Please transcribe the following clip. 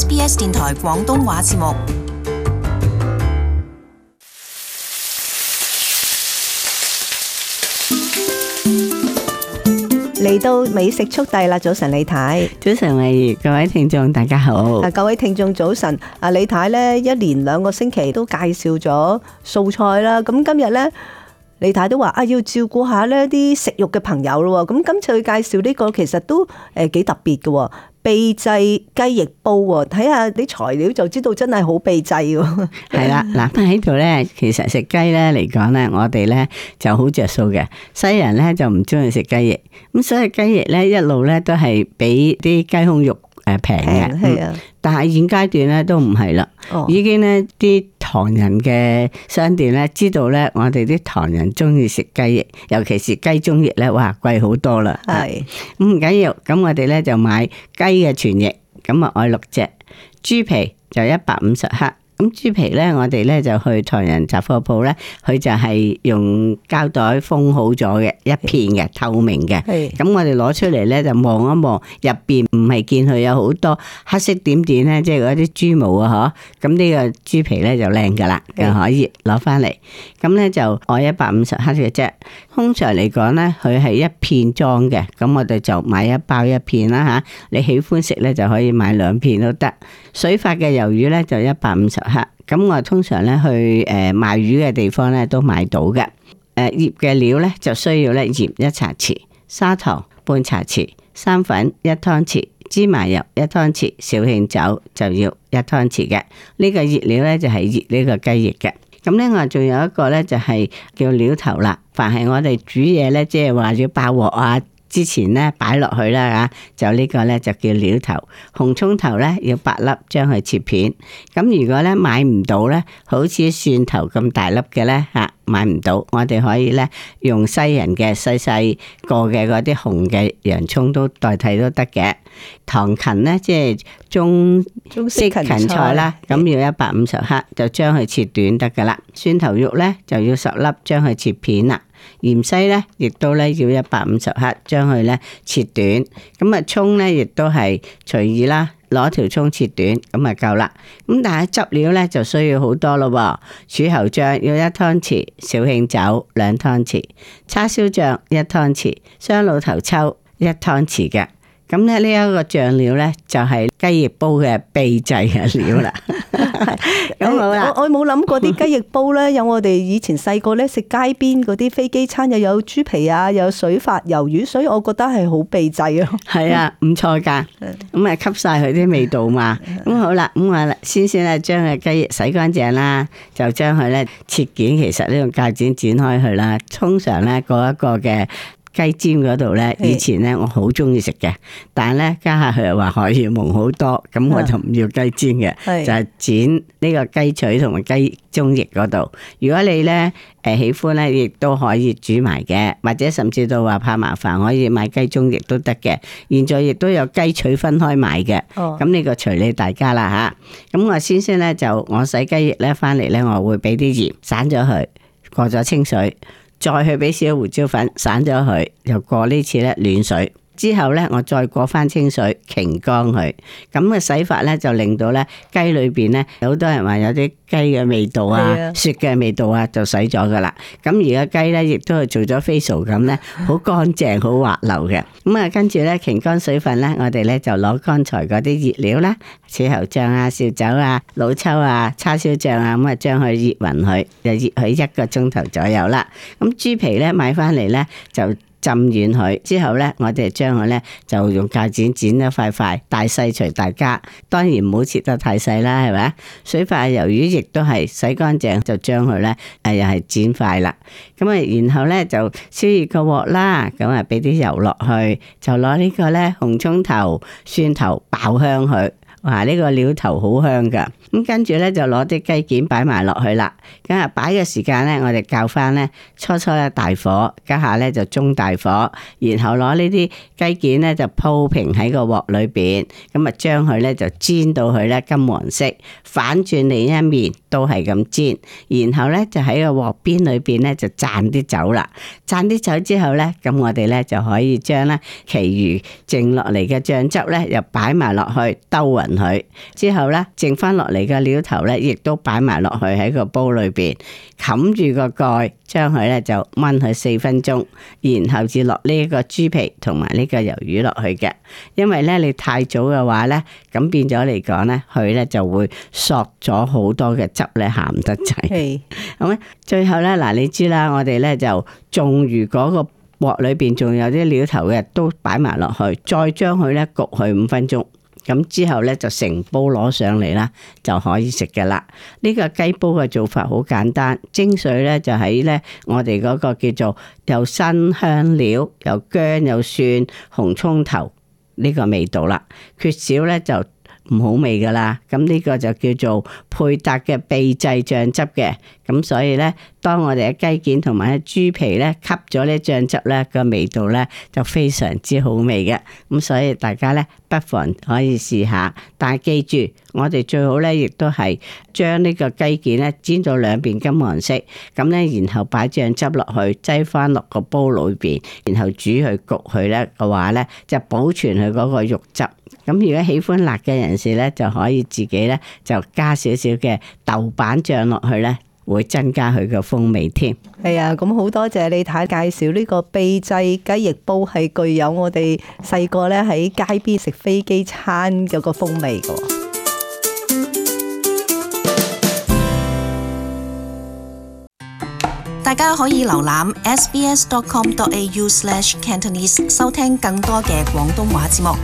SBS 電台廣東話節目，嚟到美食速遞啦！早晨李太，早晨各位聽眾大家好。啊，各位聽眾早晨。啊，李太呢，一連兩個星期都介紹咗素菜啦。咁今日呢。李太都話啊，要照顧下呢啲食肉嘅朋友咯喎，咁今次佢介紹呢個其實都誒幾特別嘅秘製雞翼煲喎，睇下啲材料就知道真係好秘製喎。係 啦，嗱喺度咧，其實食雞咧嚟講咧，我哋咧就好着數嘅。西人咧就唔中意食雞翼，咁所以雞翼咧一路咧都係俾啲雞胸肉。誒，平嘅的、嗯，但係現階段咧都唔係啦，哦、已經咧啲唐人嘅商店咧知道咧，我哋啲唐人中意食雞翼，尤其是雞中翼咧，哇，貴好多啦，係的，唔緊要，咁我哋咧就買雞嘅全翼，咁啊愛六隻，豬皮就一百五十克。咁豬皮咧，我哋咧就去唐人雜貨鋪咧，佢就係用膠袋封好咗嘅一片嘅透明嘅。係是。咁我哋攞出嚟咧就望一望，入邊唔係見佢有好多黑色點點咧，即係嗰啲豬毛啊，嗬，咁呢個豬皮咧就靚噶啦，是就可以攞翻嚟。咁咧就我一百五十克嘅啫。通常嚟講咧，佢係一片裝嘅。咁我哋就買一包一片啦吓。你喜歡食咧就可以買兩片都得。水發嘅魷魚咧就一百五十。吓，咁、啊、我通常咧去誒、呃、賣魚嘅地方咧都買到嘅。誒，醃嘅料咧就需要咧鹽一茶匙，砂糖半茶匙，生粉一湯匙，芝麻油一湯匙，紹興酒就要一湯匙嘅。這個，熱呢，就是，熱個醃料咧就係醃呢個雞翼嘅。咁咧另外仲有一個咧就係、是、叫料頭啦。凡係我哋煮嘢咧，即係話要爆鑊啊，之前咧擺落去啦嚇，就呢個咧就叫料頭。紅葱頭咧要八粒，將佢切片。咁如果咧買唔到咧，好似蒜頭咁大粒嘅咧嚇，買唔到，我哋可以咧用西人嘅細細個嘅嗰啲紅嘅洋葱都代替都得嘅。唐芹咧即係中式芹菜啦，咁要一百五十克，就將佢切短得噶啦。蒜頭肉咧就要十粒，將佢切片喇。芫茜咧，亦都咧要一百五十克，將佢咧切短。咁啊葱咧，亦都係隨意啦，攞條葱切短，咁啊夠啦。咁但係汁料咧就需要好多咯。柱侯醬要一湯匙，紹興酒兩湯匙，叉燒醬一湯匙，雙撈頭抽一湯匙嘅。咁咧呢一個醬料咧就係雞翼煲嘅秘製嘅料啦。 咁好啦，我冇諗過啲雞翼煲咧，有我哋以前細個咧食街邊嗰啲飛機餐，又有豬皮啊，又有水發魷魚，所以我覺得係好秘製啊。係 啊，唔錯噶，咁啊吸晒佢啲味道嘛。咁 好啦，咁啊啦，先先咧將個雞翼洗乾淨啦，就將佢咧切件，其實呢個鉸剪剪開佢啦。通常咧，嗰一個嘅。雞尖嗰度是呢，以前呢我好中意食嘅，但係呢家下佢又話可以蒙好多，咁我就唔要雞尖嘅，就係剪呢個雞腿同埋雞中翼嗰度。如果你呢誒、呃、喜歡呢，亦都可以煮埋嘅，或者甚至到話怕麻煩，可以買雞中翼都得嘅。現在亦都有雞腿分開買嘅，咁呢、哦、個隨你大家啦吓。咁我先先呢，就我洗雞翼呢翻嚟呢，我會俾啲鹽散咗佢，過咗清水。再去俾少胡椒粉散咗佢，又過這次呢次咧暖水。之後咧，我再過翻清水擎乾佢，咁嘅洗法咧就令到咧雞裏邊咧，好多人話有啲雞嘅味道啊、的雪嘅味道啊，就洗咗噶啦。咁而家雞咧，亦都係做咗 facial 咁咧，好 乾淨、好滑溜嘅。咁啊，跟住咧擎乾水分咧，我哋咧就攞剛才嗰啲熱料啦，豉油醬啊、燒酒啊、老抽啊、叉燒醬啊，咁啊將佢熱勻佢，就熱佢一個鐘頭左右啦。咁豬皮咧買翻嚟咧就。浸軟佢之後呢，我哋將佢呢就用鉸剪剪一塊塊，大細隨大家，當然唔好切得太細啦，係咪？水發魷魚亦都係洗乾淨就將佢呢，誒又係剪塊啦。咁啊，然後呢就燒熱個鑊啦，咁啊俾啲油落去，就攞呢個呢紅葱頭蒜頭爆香佢。哇！呢個料頭好香噶，咁跟住呢，就攞啲雞件擺埋落去啦。咁啊，擺嘅時間呢，我哋較返呢，初初一大火，家下呢就中大火，然後攞呢啲雞件呢，就鋪平喺個鑊裏邊，咁啊將佢呢就煎到佢呢金黃色，反轉另一面都係咁煎，然後呢，就喺個鑊邊裏邊呢，就灒啲酒啦，灒啲酒之後呢，咁我哋呢就可以將呢，其餘剩落嚟嘅醬汁呢，又擺埋落去兜匀。佢之後咧，剩翻落嚟嘅料頭咧，亦都擺埋落去喺個煲裏邊，冚住個蓋，將佢咧就炆佢四分鐘，然後至落呢個豬皮同埋呢個魷魚落去嘅。因為咧你太早嘅話咧，咁變咗嚟講咧，佢咧就會索咗好多嘅汁咧，鹹得滯。咁咧，最後咧嗱，你知啦，我哋咧就仲餘嗰個鑊裏邊仲有啲料頭嘅，都擺埋落去，再將佢咧焗佢五分鐘。咁之後咧就成煲攞上嚟啦，就可以食嘅啦。呢個雞煲嘅做法好簡單，精髓咧就喺咧我哋嗰個叫做又新香料、又薑、又蒜、蒜、紅葱頭呢個味道啦，缺少咧就。唔好味噶啦，咁呢個就叫做配搭嘅秘製醬汁嘅，咁所以呢，當我哋嘅雞件同埋啲豬皮呢吸咗啲醬汁呢個味道呢，就非常之好味嘅，咁所以大家呢，不妨可以試下，但係記住我哋最好呢，亦都係將呢個雞件呢煎到兩邊金黃色，咁呢，然後擺醬汁落去，擠翻落個煲裏邊，然後煮佢焗佢呢嘅話呢，就保存佢嗰個肉汁。咁如果喜歡辣嘅人士咧，就可以自己咧就加少少嘅豆瓣醬落去咧，會增加佢嘅風味添。係啊，咁好多謝李太介紹呢個秘製雞翼煲，係具有我哋細個咧喺街邊食飛機餐嗰個風味㗎。大家可以瀏覽 sbs.com.au/cantonese 收聽更多嘅廣東話節目。